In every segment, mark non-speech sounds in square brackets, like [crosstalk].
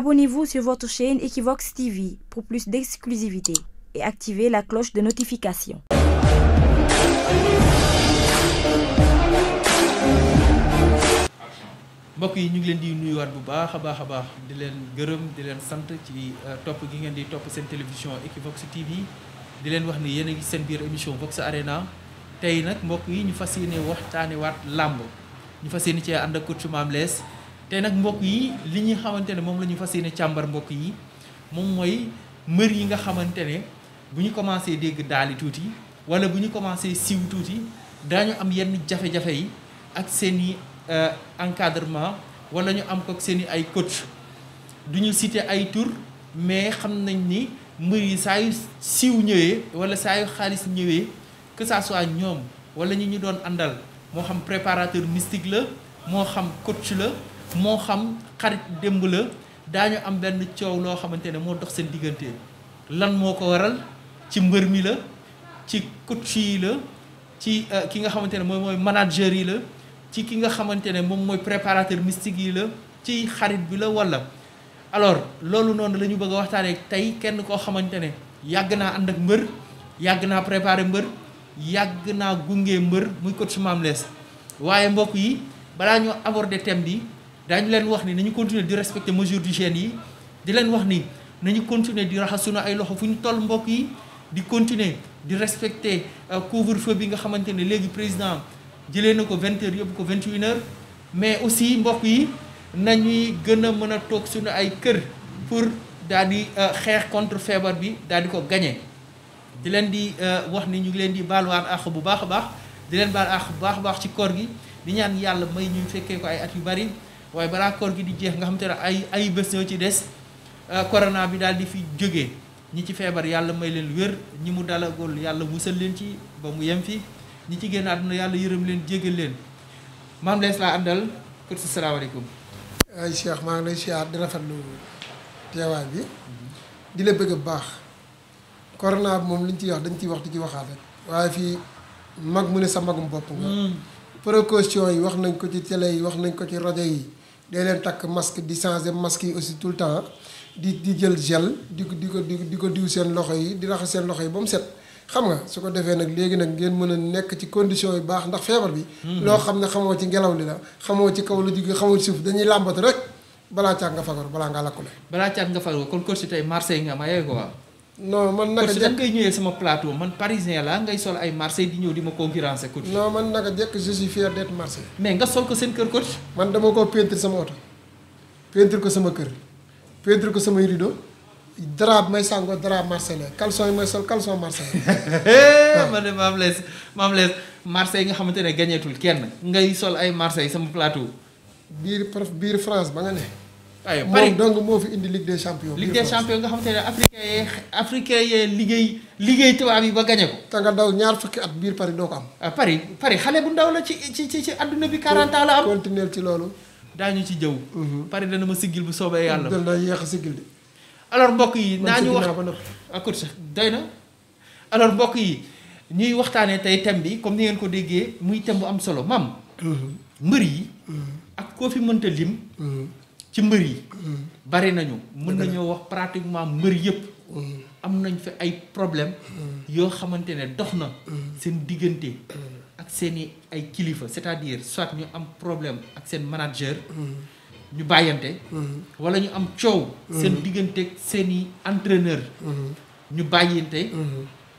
Abonnez-vous sur votre chaîne Equivox TV pour plus d'exclusivité et activez la cloche de notification. mbokk yi ñu ngi leen di nuyuwaat bu baax a baax a baax di leen gërëm di leen sant ci euh, topp gi ngeen di topp seen télévision Equivox TV di leen wax ni yéen a ngi seen biir émission Vox Arena tey nag mbokk yi ñu fas yéene waxtaane waat làmb ñu fas yéene cee ànd ak coach Mame Less te nag mbokk yi li ñuy xamante ne moom la ñu fas yéene càmbar mbokk yi moom mooy mbër yi nga xamante ne bu ñu commencé dégg daali tuuti wala bu ñu commencé siiw tuuti daañu am yenn jafe-jafe yi ak seen i euh, encadrement wala ñu am ko ak seen yi ay coach du ñu citer ay tur mais xam nañ ni mbër yi saa yu siiw ñëwee wala saa yu xaalis ñëwee que soit ñoom wala ñi ñu doon àndal moo xam préparateur mystique la moo xam coach la moo xam xarit démb la daañu am benn coow loo xamante ne moo dox seen diggante lan moo ko waral ci mbër mi la ci coach yi la ci euh, ki nga xamante ne mooy mooy manager yi la ci ki nga xamante ne moom mooy préparateur mystique yi la ci xarit bi la walla alors loolu noonu lañu bëgg a waxtaanee tey kenn koo xamante ne yàgg naa ànd ak mbër yàgg naa préparer mbër yàgg naa gunge mbër muy coach Mame Less waaye mbokk yi balaa ñoo aborder thème bi daañu leen wax ni nañu continuer di respecter mesure d'hygiène yi di leen wax ni nañu continuer di raxas sunu ay loxo fu ñu toll mbokk yi di continuer di respecter euh, couvre-feu bi nga xamante ne léegi président jëlee na ko vingt heures yóbbu ko vingt et une mais aussi mbokk yi nañuy gën a mën a toog suñu ay kër pour daal di euh, xeex contre feebar bi daal di ko gañe di leen di euh, wax ni ñu ngi leen di baaluwaat àq bu baax a baax di leen baal àq bu baax baax ci koor gi di ñaan yàlla may ñuy fekkee ko yu bari waaye balaa koor gi di jeex nga xam te ne ay ay bés ñoo des euh, corona bi daal di fi jógee ñi ci feebar yàlla may leen wér ñi mu dalagul yàlla musal leen ci ba mu yem fi ñi ci génn àdduna yàlla yërëm leen jégal leen maam lees laa àndal pour salaamaaleykum. ay ngi lay siyaar di rafetlu bi di la bëgg bu baax corona bi moom liñ ciy wax dañ ciy wax di ci waxaat rek waaye fii mag mu ne sa magum bopp nga. Mm. précaution yi wax nañ ko ci télé yi wax nañ ko ci rajo yi. day leen takk masque di changer masque yi aussi tout le temps di di jël gel di ko di ko di ko diw seen loxo yi di raxas seen loxo yi ba mu set xam nga su ko defee nag léegi nag ngeen mën a nekk ci condition yu baax ndax feebar bi. Hmm. loo xam ne xamoo ci ngelaw li la xamoo ci kaw la jóge xamoo ci suuf dañuy làmbatu rek balaa caag nga fagaru balaa ngaa lakkule. balaa caag nga fagaru kon kër si tey marché yi nga ma yee ko non man naka jekk ngay ñëwee sama plateau man parisien laa ngay sol ay Marseille di ñëw di ma concurrencer coach. non man naka jekk je suis fier d'être Marseille. mais nga sol ko seen kër coach. man dama ko peintre sama oto peintre ko sama kër peintre ko samay rideau drap may sàngoo drap marseillais caleçon yi may sol caleçon marseillais. waaw [laughs] ah. man de maam lees maam lees Marseille nga xamante ne gañeetul kenn. ngay sol ay Marseille sama plateau. biir prof biir France ba nga ne. aywa Paris donc moo fi indi Ligue des champions. Ligue des champions ne africain yee africain yee liggéey liggéey yi ba gagné ko. te nga daw ñaar fukki at biir Paris doo ko am. Ah, Paris Paris xale bu ndaw la ci ci ci ci bi 40 ans la am. continuer ci loolu. daañu ci jëw. Mhm. Paris dana ma siggil bu soobee yàlla. dana yéex a siggil de. alors mbokk yi naa ñu wax man sax doy na. alors mbokk yi ñuy waxtaanee tey thème bi comme ni ngeen ko déggee muy thème am solo maam. Mhm. mbër yi. Mhm. ak koo fi mënta lim. ci mbër yi. Mm. bari nañu mën nañoo wax pratiquement mbër yëpp. Mm. am nañ fi ay problème mm. yoo xamante ne dox na seen diggante ak seeni ay kilifa c'est-à-dire soit ñu am problème ak seen manager ñu bàyyante wala ñu am coow seen diggante ak seeni entraîneur ñu bàyyante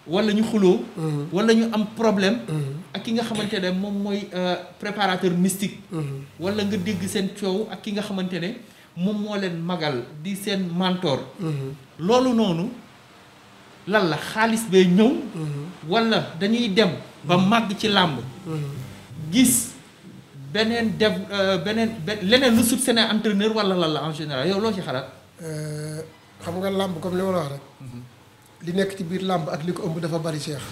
wala ñu xuloo mm-hmm. wala ñu am problème mm-hmm. ak ki nga xamante ne moom mooy euh, préparateur mystique mm-hmm. wala nga dégg seen coow ak ki nga xamante ne moom moo leen magal di seen mentor loolu noonu lan la xaalis bee ñëw wala dañuy dem ba màgg ci làmb gis beneen def euh, beneen leneen lu soupçonné entraîneur wala lan la en général yow loo ci xalaat euh, xam nga làmb comme li ma la wax rek li nekk ci biir làmb ak li ko ëmb dafa bari seex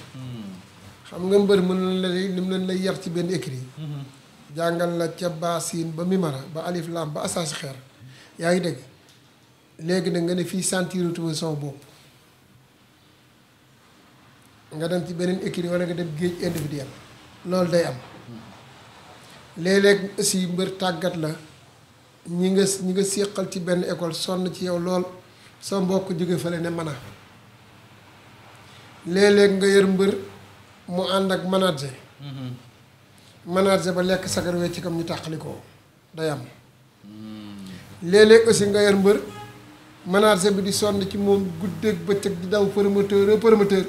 xam nga mbër mën na la ni mu leen lay yar ci benn écrit jàngal la ca ba ba mimara ba alif lam ba asaasi xeer yaa ngi dégg léegi nag nga ne fii sentiratuma sama bopp nga dem ci beneen écrit wala nga dem géej individuel loolu day am léeg si mbër tàggat la ñi nga ñi nga séqal ci benn école sonn ci yow lool sa mbokk jóge fële ne mën a léeg nga yër mbër mu ànd ak manager mhm. manager ba lekk sagar wee ci kam ñu tàqalikoo day am mhm. léeg-léeg aussi nga yër mbër manager bi di sonn ci moom guddeeg bëccëg di daw promoteur promoteur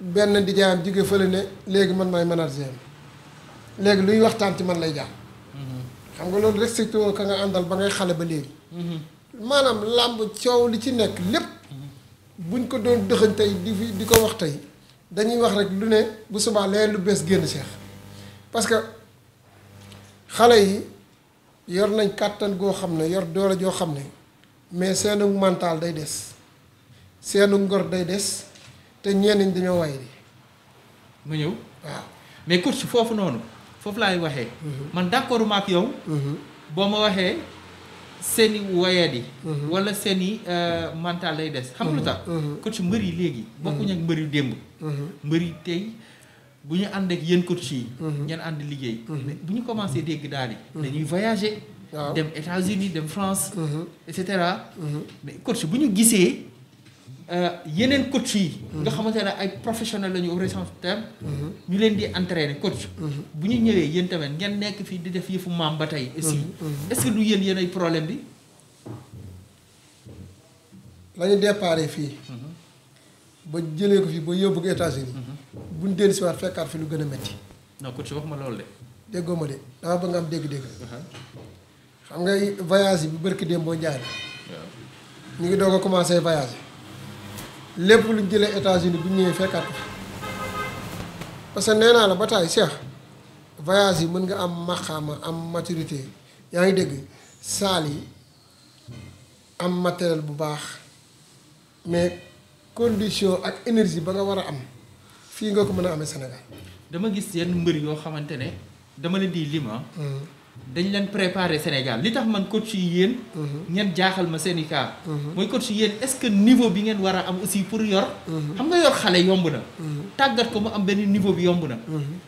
benn di jaayam jóge fële ne léegi man maay manager am léegi luy waxtaan ci man lay jaar mhm. xam nga loolu respecté woo ka nga àndal ba ngay xale ba léegi maanaam làmb coow li ci nekk lépp buñ ko doon dëxëñ tey di fi di ko wax tey dañuy wax rek lu ne bu subaa leen lu bees génn seex parce que xale yi yor nañ kàttan goo xam ne yor doole joo xam ne mais seenu mental day des seenu ngor day des te ñenn ñi dañoo waye di mu ñëw waaw mais course foofu noonu foofu laay waxee mm-hmm. man d'accord yow mm-hmm. boo ma waxee seen i woyadi mhm. wala seen i euh, mental lay des xam lu tax mhm. Mhm. coach mbër yi léegi bokkuñu ak mbër yu démb mbër yu tey bu ñu ànd ak yéen coach yi ngeen ànd liggéey mais bu ñu commencé dégg daal yi dañuy voyager dem États-Unis dem France et cetera mais coach bu ñu gisee Euh, yeneen coach fii nga xamante ne ay professionnel la ñu recensiteur. ñu leen di entraîner coach. bu ñu ñëwee yéen tamit ngeen nekk fii di def yëfu maam ba tey. aussi mm-hmm. est-ce que du yéen yéen ay problème bi. la ñu fii. Mm-hmm. ba jëlee ko fii ba yóbbu ko États-Unis mm-hmm. bu ñu dellu si waat fekkaat fi lu gën a metti. non coach wax ma loolu de. déggoo ma de dama bëgg nga am dégg-dégg. Uh-huh. xam nga voyage bi bu barki démb boo njaaree. ñu ngi doog ko commencé voyage. lépp luñ jëlee États-Unis bu ñëwee fekkaat ko parce que nee naa la ba taay Cheikh voyage yi mën nga am maxaama am maturité yaa ngi dégg saal yi am matériel bu baax mais condition ak énergie ba nga war a am fii nga ko mën a ame Sénégal. dama gis yenn mbër yoo xamante ne dama leen di lima. Hmm. dañu leen préparer Sénégal li tax man coach yi yéen. Mhm. ngeen jaaxal ma seen i cas. Mhm. mooy coach yi yéen est-ce que niveau bi ngeen war a am aussi pour yor. Mhm. xam nga yor xale yomb na. tàggat ko mu am benn niveau bi yomb na.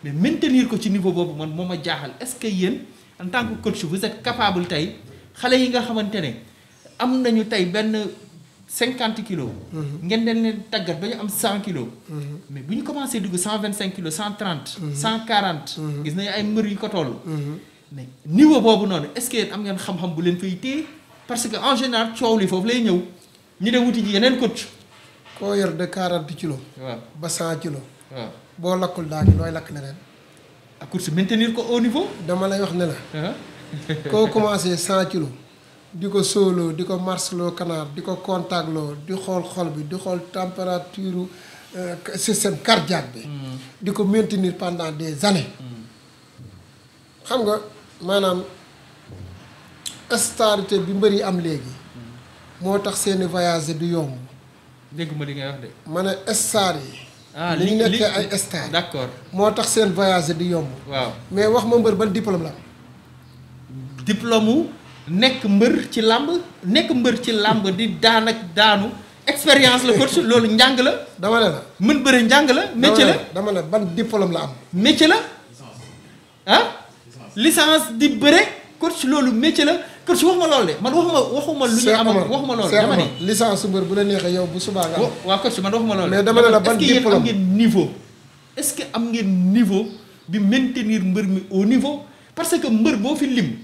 mais maintenir ko ci niveau boobu man moo ma jaaxal est-ce que yéen en tant que coach vous êtes capable tey xale yi nga xamante ne am nañu tey benn cinquante kilos. ngeen leen leen tàggat ba ñu am cent kilo mais bu ñu commencé dugg cent vingt cinq kilos cent trente. cent quarante. gis nañu ay mbër yu ko toll. mais niveau boobu noonu est-ce am ngeen xam-xam bu leen fay téye parce que en général coow li foofu lay ñëw ñu de wuti ji yeneen coach. koo yor de quarante kilos. waaw ba cent kilos. waaw boo lakkul daa gi lakk leneen. ak ah, course maintenir ko au niveau. dama lay wax ne la. Ah. koo commencé cent kilos. di ko sóoloo di ko loo canard di ko contactloo di xool xool bi di xool température euh, système cardiaque bi. Hmm. di ko maintenir pendant des années. Hmm. xam nga. maanaam starité bi mbër yi am léegi moo tax seeni voyage du yomb dégg ma li ngay wax ma ne star yi ah, li ñu nekkee ay star d'accord moo tax seen voyage du yomb waaw mais wax ma mbër ban diplôme la am diplôme wu nekk mbër ci làmb nekk mbër ci làmb di daan ak daanu expérience la coach loolu njàng la dama ne la mën bëre njàng la métier la dama ne ban diplôme la am métier la ah lissance di bëre coach loolu métier la coach waxuma loolu de man waxuma waxuma lu ñu amal waxuma loolu dama ne licence su mbër bu yow bu subaa nga am waaw coach man waxuma loolu mais dama ne la ban diplôme est-ce que am ngeen niveau est-ce que am ngeen niveau bi maintenir mbër mi au niveau parce que mbër boo fi lim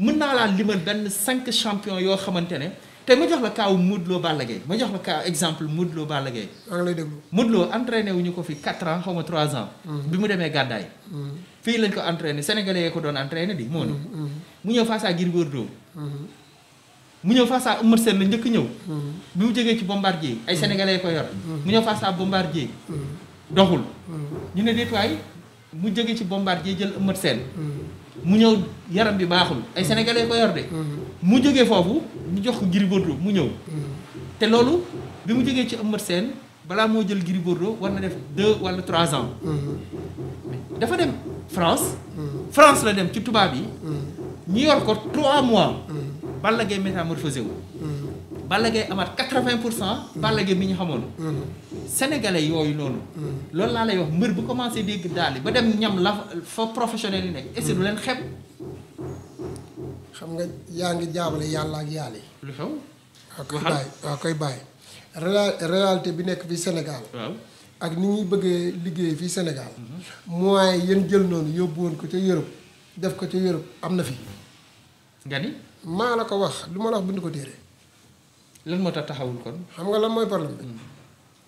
mën naa laa limal benn cinq champion yoo xamante ne te ma jox la kaaw Modou Lo Balla Gaye ma jox la kaaw exemple Modou Lo Balla Gaye. maa ngi lay déglu Modou Lo entraîné wu ñu ko fi 4 ans xaw ma 3 ans. Mm-hmm. bi mu demee gàddaay. Mm-hmm. fii lañ ko entraîné sénégalais yee ko doon entraîné di moo mm-hmm. mu ñëw face à Gris mu ñëw face à Eumeu Sène la njëkk ñëw. bi mu jógee ci bombardier ay sénégalais yee ko yor. mu ñëw face à bombardier. doxul. ñu ne déet mu jógee ci bombardier jël Eumeu Sène. mu ñëw yaram bi baaxul ay sénégalais ko yor de. Mm-hmm. mu jógee foofu ñu jox ko Gris mu ñëw. Mm-hmm. te loolu bi mu jógee ci Eumeu Sène balaa moo jël Gris war na def deux walla trois ans. Mm-hmm. dafa dem France. France la dem ci tubaab yi. ñu yor ko trois mois. Balla Gaye métamorphosé wu. Balla Gaye amaat quatre-vingt pour cent. Balla bi ñu xamoon. sénégalais yooyu noonu. loolu laa lay wax mbër bu commencé dégg daal ba dem ñam la fa professionnel yi nekk. est-ce leen xeeb. xam nga yaa ngi jaabale yàlla ak yàlla yi. lu xew. waaw koy bàyyi waaw koy bi nekk fii Sénégal. ak ni ñuy bëggee liggéey fii Sénégal. Mhm. moyens yéen jël noonu yóbbu woon ko ca Europe def ko ca Europe am na fi. nga ni. maa la ko wax du ma la wax bind ko téere. lan moo tax taxawul kon. xam nga lan mooy problème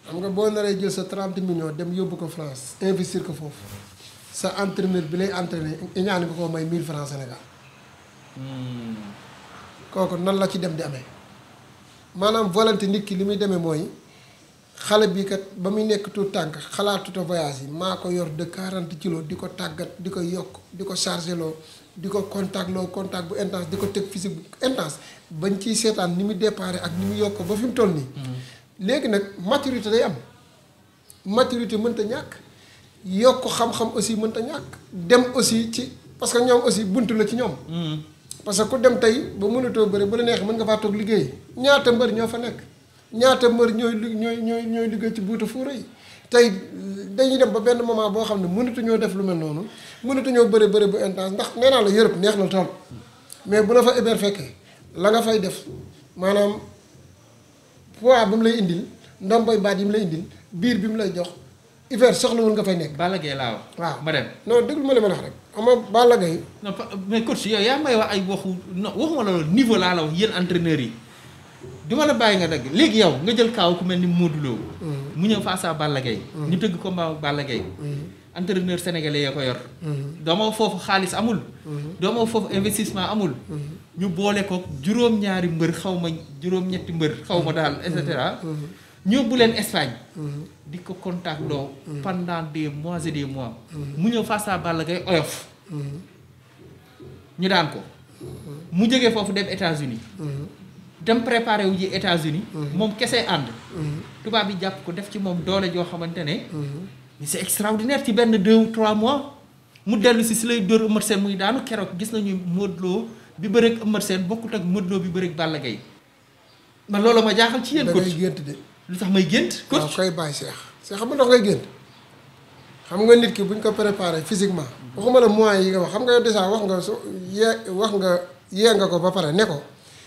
xam nga boo naree jël sa 30 millions dem yóbbu ko France investir ko foofu sa entraîneur bi lay entraîner ñaan nga koo may 1000 francs Sénégal hmm. kooku nan la ci dem di amee maanaam volonté nit ki li muy demee mooy xale bi kat ba muy nekk tout tànk xalaatuta voyage yi maa ko yor de quarante kilos di ko tàggat di ko yokk di ko chargé loo di ko contact loo contact bu intense di ko teg physique bu intense bañ ciy seetaan ni muy déparé ak ni mu yokk ba fi mu toll nii. Hmm. léegi nag matirité day am maturité mënta ñàkk yokk xam-xam aussi mënta ñàkk dem aussi ci parce que ñoom aussi buntu la ci ñoom. Hmm. parce que ku dem tey ba mënatoo bëri ba la neex mën nga faa toog liggéey ñaata mbër ñoo fa nekk ñaata mbër ñooy ñooy ñooy ñooy liggéey ci buuta fuura yi tey dañuy dem ba benn moment boo xam ne mënatuñoo def lu mel noonu mënatuñoo bëri bëri bu intense ndax nee naa la Europe neex na tool mais bu la fa éber fekkee la nga fay def maanaam. poids ba mu lay indil ndomboy baat yi mu lay indil biir bi mu lay jox hiver soxlawul nga fay nekk. Balla laa wax. waaw ma dem dëgg déglu ma li ma la rek xam nga Balla Gaye. non mais coach yow ay waxu non waxuma la loolu laa yéen entraîneurs yi duma la bàyyi nga dagg léegi yow nga jël kaaw ku mel ni Modou Lo. Mm-hmm. mu ñëw faa saa Balla mm-hmm. ñu tëgg combat Balla Gaye. Mm-hmm. entraîneur sénégalais ya ko yor. doomoo foofu xaalis amul. doomoo foofu investissement amul. ñu boole ko juróom-ñaari mbër xaw ma juróom-ñetti mbër xaw ma daal et cetera. Mm-hmm. Mm-hmm. ñóbbu leen Espagne. Mm-hmm. di ko contact doo pendant des mois et des mois. mu ñëw face à Balla oyof. ñu daan ko. mu jógee foofu dem États-Unis dem préparé wu ji états moom kese ànd. tubaab yi jàpp ko def ci moom doole joo xamante ne. mais c'est extraordinaire ci benn deux ou trois mois. mu dellu si si lay dóor ëmmat seen muy daanu keroog gis nañu Modou bi bëreeg Eumeu Sène bokkut ak Modou Lo bi bëreeg Balla Gaye man loolu ma jaaxal ci yéen. coach gént de. lu tax may gént. coach waaw koy bàyyi Cheikh. Cheikh xam nga ndox ngay gént xam nga nit ki buñ ko préparé physiquement. waxuma la moyens yi nga wax xam nga déjà wax nga su yee wax nga yee nga ko ba pare ne ko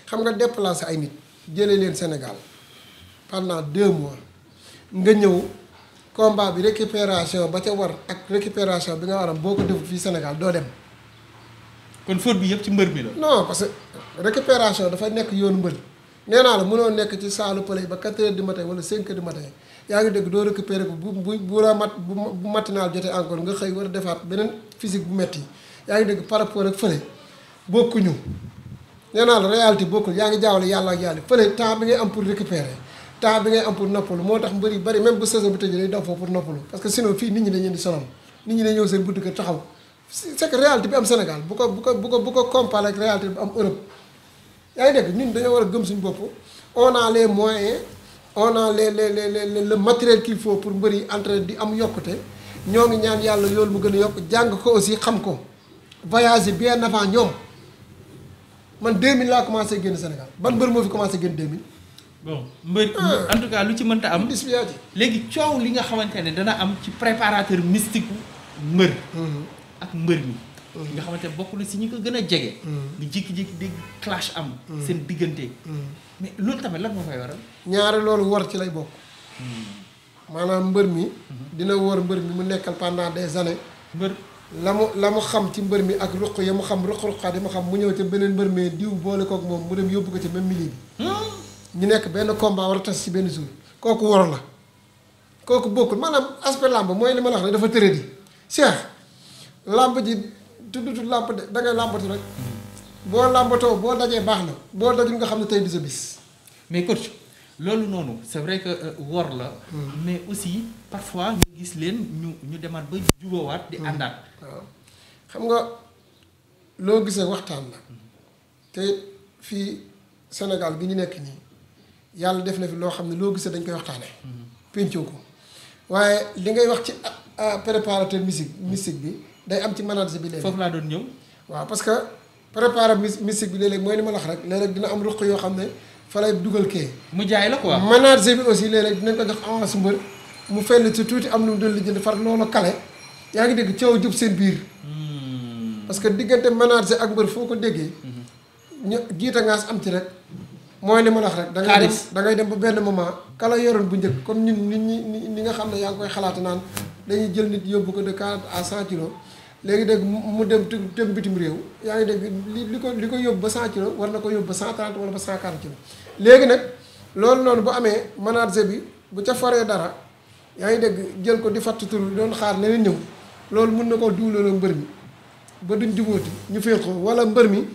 xam nga déplacé ay nit jëlee leen Sénégal pendant deux mois nga ñëw. combat bi récupération ba ca war ak récupération bi nga war a boo ko def fii Sénégal doo dem kon faute bi yëpp ci mbër bi la. non parce que récupération nekk yoonu mbër nee naa la mënoo nekk ci saalu pële ba 4 heures du matin wala 5 heures du matin yaa ngi dégg doo récupérer ko bu bu bu la mat naa matinal jotee encore nga xëy war a defaat beneen physique bu metti yaa ngi dégg par rapport ak fële bokkuñu nee naa la réalité bokkul yaa ngi jaawale yàlla ak yàlla fële temps bi ngay am pour récupérer temps moo tax mbër yu bari même bu saison bi tëjee day daw foofu pour noppalu parce que sinon fii nit taxaw. c'est que réalité bi am Sénégal bu ko bu ko bu ko bu ko comparé ak réalité bi am Europe yaa ngi dégg ñun dañoo war a gëm suñu bopp on a les moyens on a le les les le matériel qu'il faut pour mbëri entre di am yokkute ñoo ngi ñaan yàlla yoolu mu gën a yokk jàng ko aussi xam ko voyager bien avant ñoom man 2000 laa commencé génn Sénégal ban mbër moo fi commencé génn 2000. bon mbër ah. en tout cas lu ci mënta am. léegi coow li nga xamante ne dana am ci préparateur mystique mbër. Mm-hmm. ak mbër mi mm. nga xamante ne bokk na si ñu ko gën a jege nga mm. jékki-jékki dégg clash am mm. seen diggante mais loolu tamit lan moo fay waral ñaari loolu war ci lay bokk maanaam mbër mi mm-hmm. dina war mbër mi mu nekkal pendant des la mu la xam ci mbër mi ak ruq ya mu xam ruq-ruqaat ya mu xam mu ñëw ca beneen mbër mi diw boole kook moom mu dem yóbbu ko ci même milieu bi ñu nekk benn combat war a tas ci benn jour kooku war la kooku bokkul maanaam aspect làmb mooy li ma la wax dafa tëradi Cheikh làmb ji tuddutul làmb de da ngay làmbatu rek boo làmbatoo boo dajee baax na boo dajul nga xam ne tey di bis mais coach loolu noonu c'est vrai que euh, wor la hmm. mais aussi parfois ñu gis leen ñu ñu demaat ba jubawaat di hmm. àndaat naan xam nga loo gisee waxtaan la te fii senegal bi ñu nekk nii yàlla def na fi loo xam ne loo gisee dañ koy waxtaanee. Hmm. péncoo ko waaye li ngay wax ci ah, ah, préparateur musique musique bi day am ci manager bi léegi. foofu laa doon ñëw. waaw parce que préparer mystique bi léeg-léeg mooy li ma la rek léeg-léeg dina am ruq yoo xam ne fa lay dugal kee. mu jaay la quoi. manager bi aussi léeg-léeg dinañ ko jox mu fenn tuuti am lu mu doon lijjanti far loolu kale yaa ngi dégg coow jub seen biir. Hmm. parce que diggante manager ak mbër foo ko déggee. Hmm. ñu jiita ngaas am ci rek. mooy li ma wax rek. da ngay dem da ngay dem ba benn moment. kala yoroon bu njëkk comme ñun nit ñi ñi nga xam ne yaa ngi koy xalaat naan. dañuy jël nit yóbbu ko de 40 à 100 kilos léegi dégg mu dem tem bitim réew yaa ngi dégg li li ko li ko yóbbu ba 100 kilos war na ko yóbbu ba 130 wala ba 140 kilos léegi nag loolu noonu bu amee manager bi bu ca foree dara yaa ngi dégg jël ko di fatt tur doon xaar leneen ñëw loolu mun na koo duwlaloo mbër mi ba duñ jubóoti ñu féex ko wala mbër mi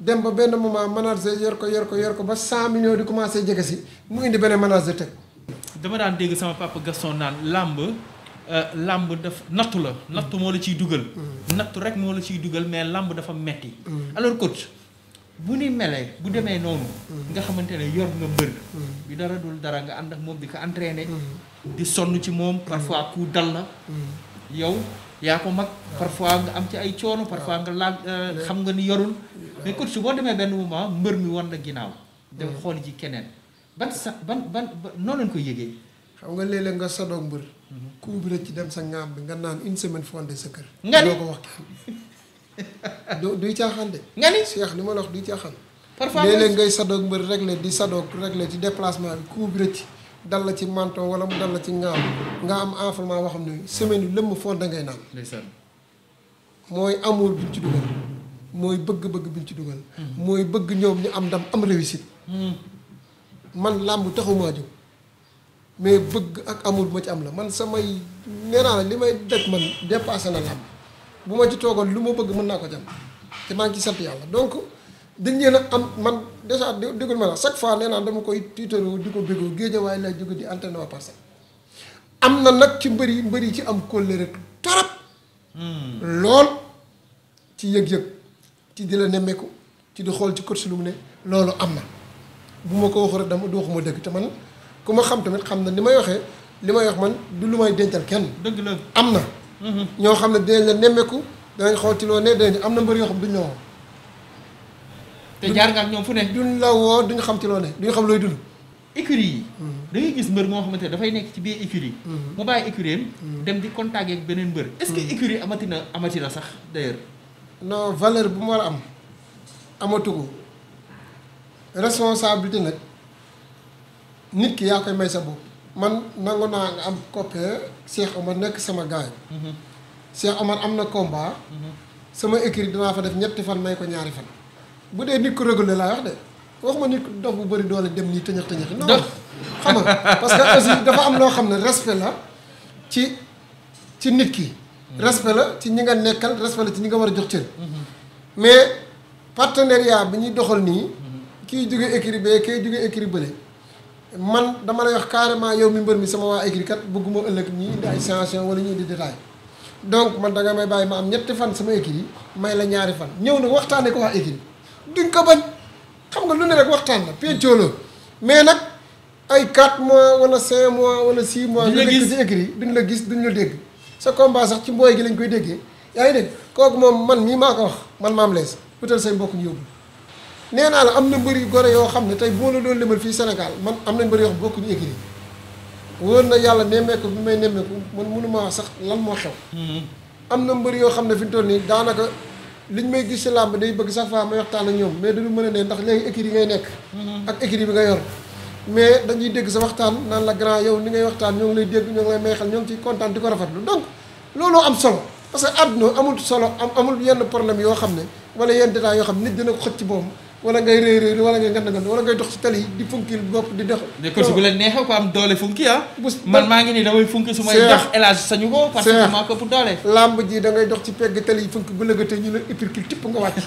dem ba benn moment manager yor ko yor ko yor ko ba cent millions di commencé jege si mu indi beneen manager teg. dama daan dégg sama papa Gaston naan Euh, làmb daf nattu la nattu moo la ciy dugal mm. nattu rek moo la ciy dugal mais làmb dafa metti mm. alors coach bu ni melee bu demee noonu mm. nga xamante ne yor nga mbër bi dara dul dara nga ànd moom bi ko entraîner di sonn ci moom parfois ku dal la yow yaa ko mag ah. parfois nga am ci ay coono parfois ah. nga laal euh, xam nga ni yorul mais si boo demee benn moment mbër mi war la ginnaaw dem xool ci keneen ban sa ban ban noonu lañ ko yëgee xam nga léeg-léeg nga sadoog ku ubbi rek ci dem sa ngaam bi nga naan une semaine fondé sa kër. nga ni ko wax kenn duy caaxaan de. nga ni Cheikh li ma la wax duy caaxaan. parfois léeg ngay sadoog mbër réglé di sadoog réglé ci déplacement bi ku ubbi rek ci dal la ci manton wala mu dal la ci ngaam nga am enflement waxam ne semaine yu lëmm fondé ngay naan. ndeysaan mooy amour bi ñu ci dugal. mooy bëgg-bëgg bi ci dugal. Hmm. mooy bëgg ñoom ñu am dam am réussite. Hmm. man làmb taxumaa jóg. mais bëgg ak amul bu ma ci am la man samay nee la li may def man dépassé na am bu ma ci toogoon lu ma bëgg mën naa ko jam te maa ci sant yàlla donc dañ leen a am man dèjà déggul ma la chaque fois nee naa dama koy tiitaroo di ko béggoo géejawaay lay jóge di antenne waa que am na nag ci mbëri mbëri ci am kóllëre torop hmm. lool ci yëg-yëg ci di la nemmeeku ci di xool ci kër si lu mu ne loolu am na bu ma ko waxu rek dama du waxuma dëgg te man ku ma xam tamit xam na li may waxee li may yox man du lu may dencal kenn. dëgg la am na. Mhm. ñoo xam ne dinañ la nemmeeku danañ xool ci loo ne danañ am na mbër yoo xam duñ la woo. te jaar nga ak ñoom fu ne. duñ la woo duñ xam ci loo ne duñ xam looy dund. écurie yi. Mhm. da gis mbër moo xam xamante ne dafay nekk ci biir écurie. Mhm. mu bàyyi écurie dem di contacter beneen mbër. est-ce que écurie amati na amati na sax d'ailleurs. noo valeur bu mu war a am amatu ko responsabilité nag. nit ki yaa koy may sa bopp man nangu naa nga am copain Cheikh Omar nekk sama gaay mhm. Cheikh Omar am na komba mhm. sama écrit dinaa fa def ñetti fan may ko ñaari fan bu dee nit ko régulier laay wax de waxuma nit ko dof bu bëri doole dem nii tëñëx tëñëx non xam nga parce que aussi dafa am loo xam ne respect la ci ci nit ki mhm. respect la ci ñi nga nekkal respect la ci ñi nga war a jox cër mais partenariat bi ñuy doxal nii kiy jóge écrit bee kiy jóge écrit bële man dama lay wax carrément yow mi mbër mi sama waa écrit kat bëgguma ëllëg ñi indi ay sanction wala ñi indi détail donc man da may bàyyi ma am ñetti fan sama écrit yi may la ñaari fan ñëw nag waxtaanee ko wax écrit duñ ko bañ xam nga lu ne rek waxtaan la peccoo la mais nag ay 4 mois wala 5 mois wala 6 mois. duñ la gis ci écrit duñ la gis duñ la dégg. sa combat sax ci mbooy gi lañ koy déggee yaa ngi dégg kooku moom man mii maa ko wax man maam lees wutal say mbokk ñu yóbbu. nee naa la am na mbëri yu gore yoo xam ne tey boo la doon fii Sénégal man am na mbër yoo xam bokkuñu écrit wóor na yàlla nemmeeku bi may nemmeeku man mënuma wax sax lan moo xew. Mm-hmm. am na mbër yoo xam ne fi mu toll nii daanaka liñ may gis si làmb day bëgg sax faa may waxtaan ak ñoom mais ndax léegi yi ngay nekk. Mm-hmm. ak écrit bi nga yor. mais dañuy dégg sa waxtaan naan la grand yow ni ngay waxtaan ñoo ngi lay dégg ñoo ngi lay may xel ñoo solo parce que àdduna amul solo am amul yenn problème yoo xam ne wala yenn détails yoo xam ne nit dina ko xëcc ci boobu wala ngay réy réy wala ngay ngand ngand wala ngay dox si tali di funkil bopp di dox ne ko su bu leen neexee ko am doole funki ah man maa ngi nii damay funki su may dox élage sañu ko parce que maa ko ëpp doole lamb ji da dox ci pegg tali yi funki bu lëgatee ñu la épircule tipp nga wàcc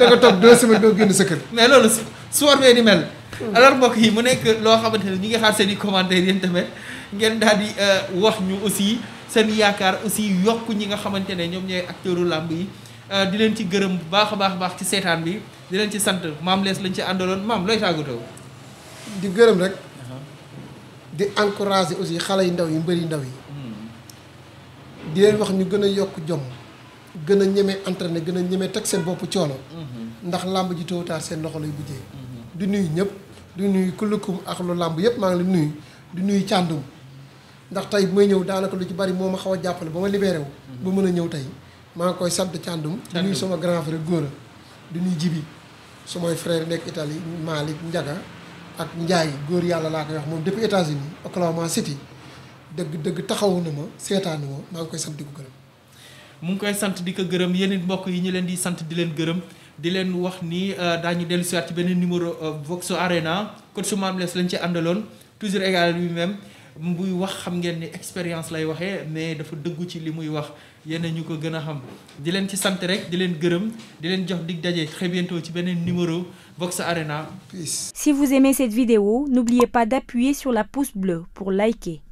da nga toog deux semaines doo génn sa kër mais loolu sport bee di mel hmm. alors mbokk yi mu nekk loo xamante ne ñu ngi xaar seen i commentaires yéen tamit ngeen daal di euh, wax ñu aussi seen yaakaar aussi yokk ñi nga xamante ne ñoom ñooy acteuru lamb yi euh, di leen ci gërëm bu baax a baax baax ci bi di leen ci sant maam lees lañ ci àndaloon maam looy tàggatoo. di gërëm rek. di encourager aussi xale yu ndaw yi mbëri ndaw yi. Hmm. di leen wax ñu gën a yokk jom. gën a ñeme na gën a ñeme teg seen bopp coono. Hmm. ndax làmb ji tôt ou seen loxo lay bujjee. Hmm. di nuyu ñëpp di nuyu kullukum ak lu làmb yëpp maa ngi la nuyu di nuyu càndum ndax tey bu may ñëw daanaka lu ci bari moo ma xaw a jàppale ba ma libéré wu. ba mën a ñëw tey maa ngi koy sant càndum di nuyu sama grand frère góor su mooy frère nekk Italie Malick njaga ak Ndiaye góor yàlla laa koy wax moom depuis États-Unis Oklahoma City dëgg dëgg taxawu na ma seetaanu ma maa ngi koy sant di ko gërëm. mu ngi koy sant di ko gërëm yeneen mbokk yi ñu leen di sant di leen gërëm di leen wax ni euh, daañu dellu si waat ci beneen numéro euh, Vox Arena coach Mame Less lañ ci àndaloon toujours égal lui-même muy wax xam ngeen ni expérience lay waxee mais dafa dëggu ci li muy wax. yéen ñu ko gën a xam di leen ci sant rek di leen gërëm di leen jox dig daje très bientôt ci beneen numéro Vox Arena. Peace. Si vous aimez cette vidéo, n'oubliez pas d'appuyer sur la pouce bleue pour liker.